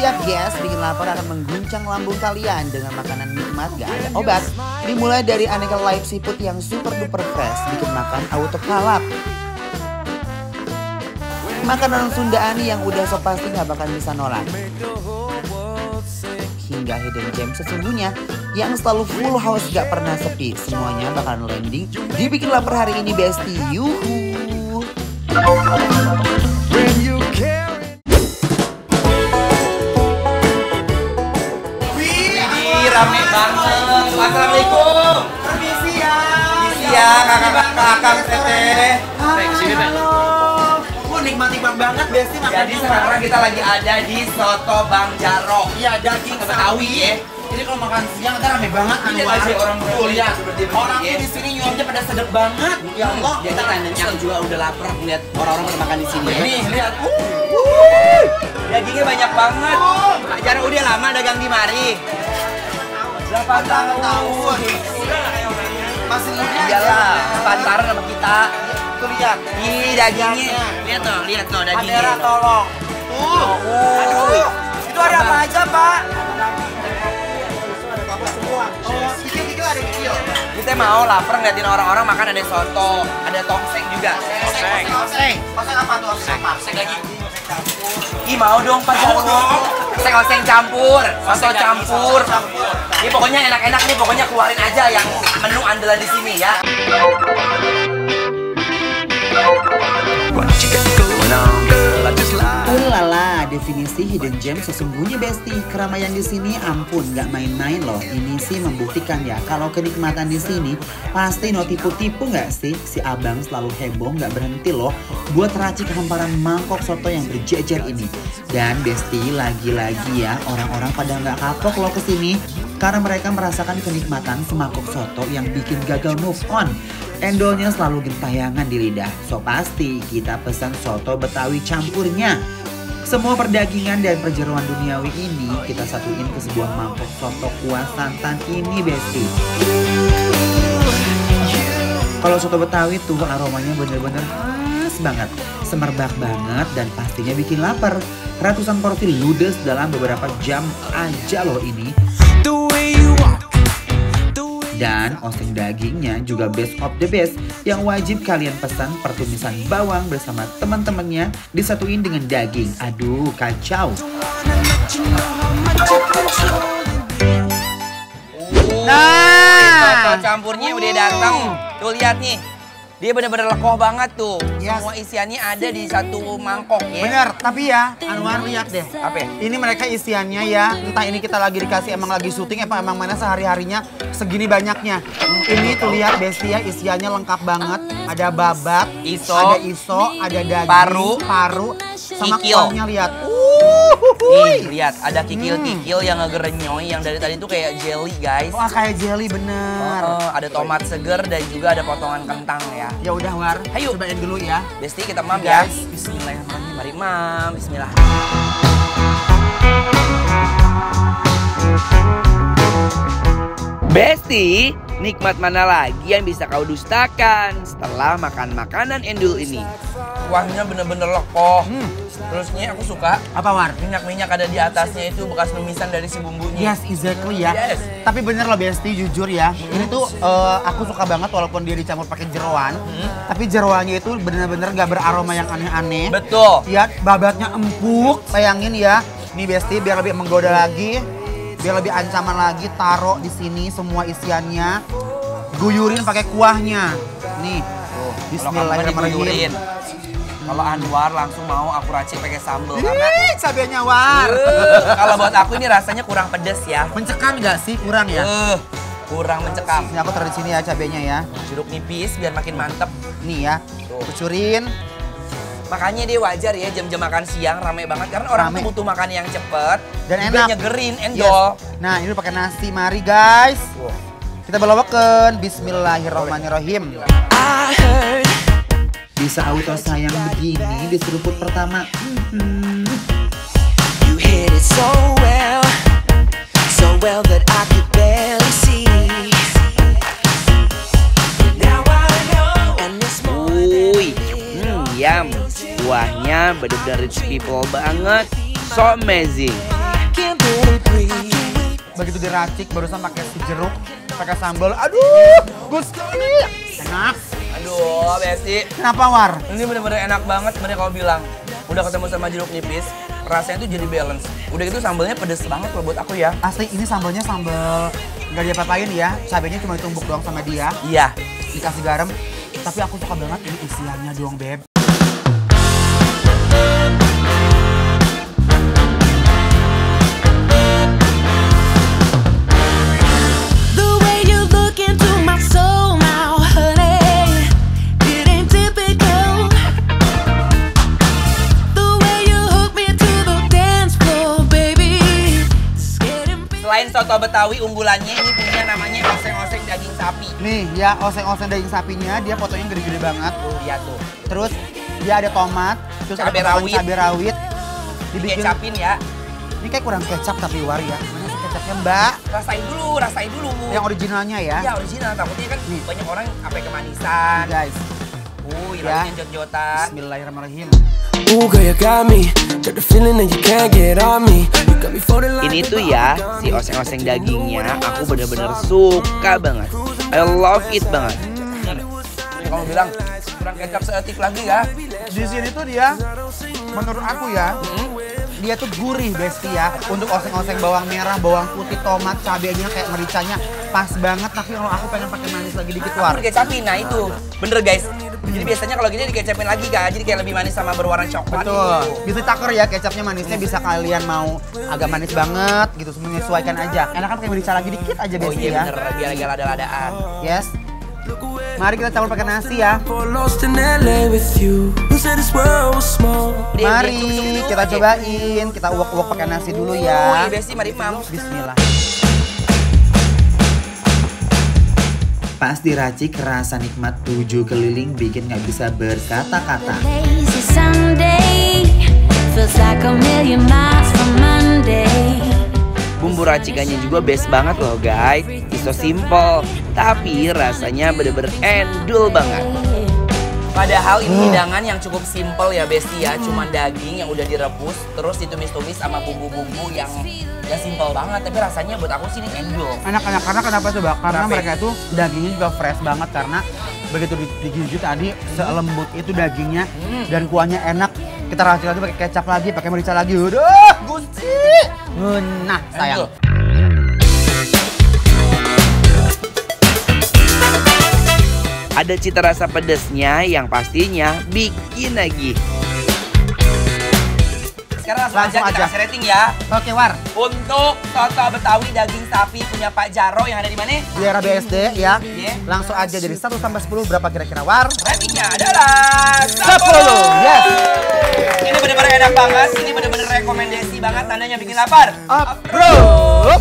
Siap guys, bikin lapar akan mengguncang lambung kalian dengan makanan nikmat gak ada obat. Dimulai dari aneka live seafood yang super duper fresh, bikin makan auto kalap. Makanan Sundaan yang udah so pasti gak bakal bisa nolak. Hingga hidden gem sesungguhnya yang selalu full house gak pernah sepi. Semuanya bakalan landing dibikin lapar hari ini bestie. Yuhu. Assalamualaikum. Permisi ya. Iya, kakak-kakak teteh. halo. nikmati banget besti makan Jadi sekarang kita lagi ada di Soto Bang Jaro. Iya, daging Betawi ya. Jadi kalau makan siang kan rame banget kan orang kuliah ya. seperti Orang ya. tuh di sini nyuapnya pada sedap banget. Ya Allah, ya kita nanya juga udah lapar lihat orang-orang pada makan di sini. Nih, lihat. Dagingnya banyak banget. Pak Jaro udah lama dagang di mari. 8 tahun. Masih muda. Iyalah, pantaran sama kita. Tuh lihat. Ih, dagingnya. Lihat tuh, lihat tuh dagingnya. Kamera tolong. Tuh. Oh, Aduh. Itu ada apa aja, Pak? Kita mau lapar ngeliatin orang-orang makan ada soto, ada tongseng juga. Tongseng. Tongseng apa tuh? Tongseng. Tongseng lagi. Ih mau dong mau. Saya Oseng-oseng campur, soto campur. Ini pokoknya enak-enak nih, pokoknya keluarin aja yang menu andalan di sini ya. What you got going lala, definisi hidden gem sesungguhnya besti. Keramaian di sini ampun, nggak main-main loh. Ini sih membuktikan ya, kalau kenikmatan di sini pasti no tipu-tipu nggak sih? Si abang selalu heboh nggak berhenti loh buat racik hamparan mangkok soto yang berjejer ini. Dan besti lagi-lagi ya, orang-orang pada nggak kapok loh kesini karena mereka merasakan kenikmatan semangkok soto yang bikin gagal move on. Endolnya selalu gentayangan di lidah, so pasti kita pesan soto betawi campurnya. Semua perdagingan dan perjeruan duniawi ini kita satuin ke sebuah mangkok soto kuah santan ini, Besti. Kalau soto betawi tuh aromanya bener-bener khas banget, semerbak banget dan pastinya bikin lapar. Ratusan porsi ludes dalam beberapa jam aja loh ini. Dan oseng dagingnya juga best of the best yang wajib kalian pesan pertumisan bawang bersama teman-temannya disatuin dengan daging. Aduh, kacau. Nah, campurnya udah datang. Tuh lihat nih, dia benar-benar lekoh banget tuh. Yes. Semua isiannya ada di satu mangkok ya. Bener, tapi ya Anwar lihat deh. Apa ya? Ini mereka isiannya ya, entah ini kita lagi dikasih emang lagi syuting, apa emang mana sehari-harinya segini banyaknya. Ini tuh lihat Bestia isiannya lengkap banget. Ada babat, iso, ada iso, ada daging, paru, paru sama kuahnya lihat. Nih, lihat ada kikil-kikil yang ngegerenyoy yang dari tadi tuh kayak jelly, guys. Wah, kayak jelly bener. Oh, ada tomat seger dan juga ada potongan kentang ya. Ya udah, War. Ayo cobain dulu ya. Besti kita mam ya. Bismillahirrahmanirrahim. Mari mam, bismillah. Besti, Nikmat mana lagi yang bisa kau dustakan setelah makan makanan endul ini? Kuahnya bener-bener lekoh. Hmm. Terusnya aku suka. Apa War? Minyak-minyak ada di atasnya itu bekas numisan dari si bumbunya. Yes, exactly ya. Yes. Tapi bener loh Besti, jujur ya. Ini hmm. tuh uh, aku suka banget walaupun dia dicampur pakai jeroan. Hmm. Tapi jeroannya itu bener-bener gak beraroma yang aneh-aneh. Betul. lihat babatnya empuk. Bayangin ya. Nih Besti, biar lebih menggoda lagi biar lebih ancaman lagi taruh di sini semua isiannya guyurin pakai kuahnya nih oh, Bismillahirrahmanirrahim kalau Anwar langsung mau aku racik pakai sambal karena cabenya war. Eh, kalau buat aku ini rasanya kurang pedes ya. Mencekam nggak sih? Kurang ya? Uh, kurang mencekam. Ini aku taruh di sini ya cabenya ya. Jeruk nipis biar makin mantep. Nih ya. Tuh. Kucurin. Makanya dia wajar ya jam-jam makan siang ramai banget karena orang butuh makan yang cepet dan enak. nyegerin endol. Yes. Nah, ini pakai nasi. Mari guys. Kita belawakan Bismillahirrahmanirrahim. Bisa auto sayang begini di seruput pertama. You hit it so well. So well that I could barely see. buahnya benar-benar rich people banget so amazing begitu diracik barusan pakai si jeruk pakai sambal aduh gus ini enak aduh besti kenapa war ini benar-benar enak banget sebenarnya kalau bilang udah ketemu sama jeruk nipis rasanya tuh jadi balance udah gitu sambalnya pedes banget loh buat aku ya asli ini sambalnya sambal nggak dia papain ya cabenya cuma ditumbuk doang sama dia iya dikasih garam tapi aku suka banget ini isiannya doang beb selain soto Betawi unggulannya ini punya namanya oseng-oseng daging sapi. Nih ya oseng-oseng daging sapinya dia fotonya gede-gede banget. Tuh oh, lihat tuh. Terus dia ada tomat, terus cabai ada rawit. cabai rawit. Dibikin kecapin ya. Ini kayak kurang kecap tapi war ya. Mana sih kecapnya mbak? Rasain dulu, rasain dulu. Yang originalnya ya? Iya original, takutnya kan Nih. banyak orang apa kemanisan. Guys, Ya. Bismillahirrahmanirrahim. Ini tuh ya, si oseng-oseng dagingnya aku bener-bener suka banget. I love it banget. Jadi kamu bilang kurang kecap seetik lagi ya. Di sini tuh dia, menurut aku ya, -hmm dia tuh gurih besti ya untuk oseng-oseng bawang merah bawang putih tomat cabenya kayak mericanya pas banget tapi kalau aku pengen pakai manis lagi dikit war aku nah itu bener guys jadi biasanya kalau gini dikecapin lagi gak jadi kayak lebih manis sama berwarna coklat betul bisa takar ya kecapnya manisnya bisa kalian mau agak manis banget gitu menyesuaikan aja enak kan kayak merica lagi dikit aja biasanya oh iya ya. bener biar agak ada ladaan yes Mari kita campur pakai nasi ya. Mari kita cobain, kita uak-uak pakai nasi dulu ya. Oh, iya Bismillah. Pas diracik rasa nikmat tujuh keliling bikin nggak bisa berkata-kata. Bumbu racikannya juga best banget loh guys. so simple, tapi rasanya bener-bener endul banget. Padahal ini hidangan yang cukup simple ya Besti ya, cuma daging yang udah direbus, terus ditumis-tumis sama bumbu-bumbu yang ya simple banget, tapi rasanya buat aku sih ini endul. Anak-anak karena kenapa tuh Karena ya? mereka itu dagingnya juga fresh banget karena begitu digigit tadi hmm. selembut itu dagingnya hmm. dan kuahnya enak kita racik lagi pakai kecap lagi pakai merica lagi udah gusti nah sayang ada cita rasa pedesnya yang pastinya bikin lagi sekarang langsung, langsung aja, aja kita kasih rating ya. Oke, War. Untuk soto Betawi daging sapi punya Pak Jaro yang ada di mana? Di era BSD ya. Yeah. Langsung aja dari 1 sampai 10 berapa kira-kira, War? Ratingnya adalah 10. 10. Yes. Ini benar-benar enak banget, ini benar-benar rekomendasi banget tandanya bikin lapar. Approve.